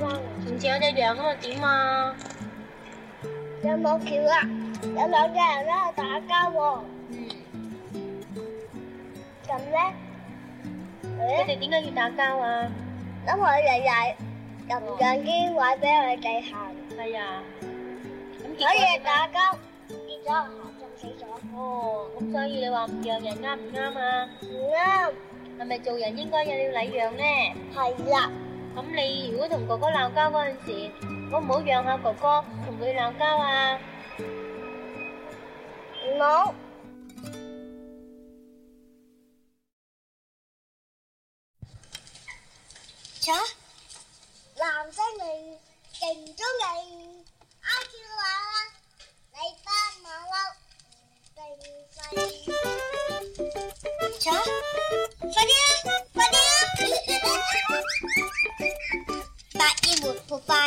從前有隻羊，咁啊點啊？有冇橋啊？有兩隻人啦打交喎。嗯。咁咧？你哋點解要打交啊？因為日日讓唔讓啲位俾佢哋行。係啊。所以打交跌咗落河，撞死咗。哦，咁所以你話唔讓人啱唔啱啊？唔啱。係咪做人應該要有禮讓咧？係啦。咁你如果同哥哥鬧交嗰陣時，好唔好讓下哥哥同佢鬧交啊？冇。請，男精靈，勁中勁，阿嬌娃娃，你班馬騮，勁細。請，快啲。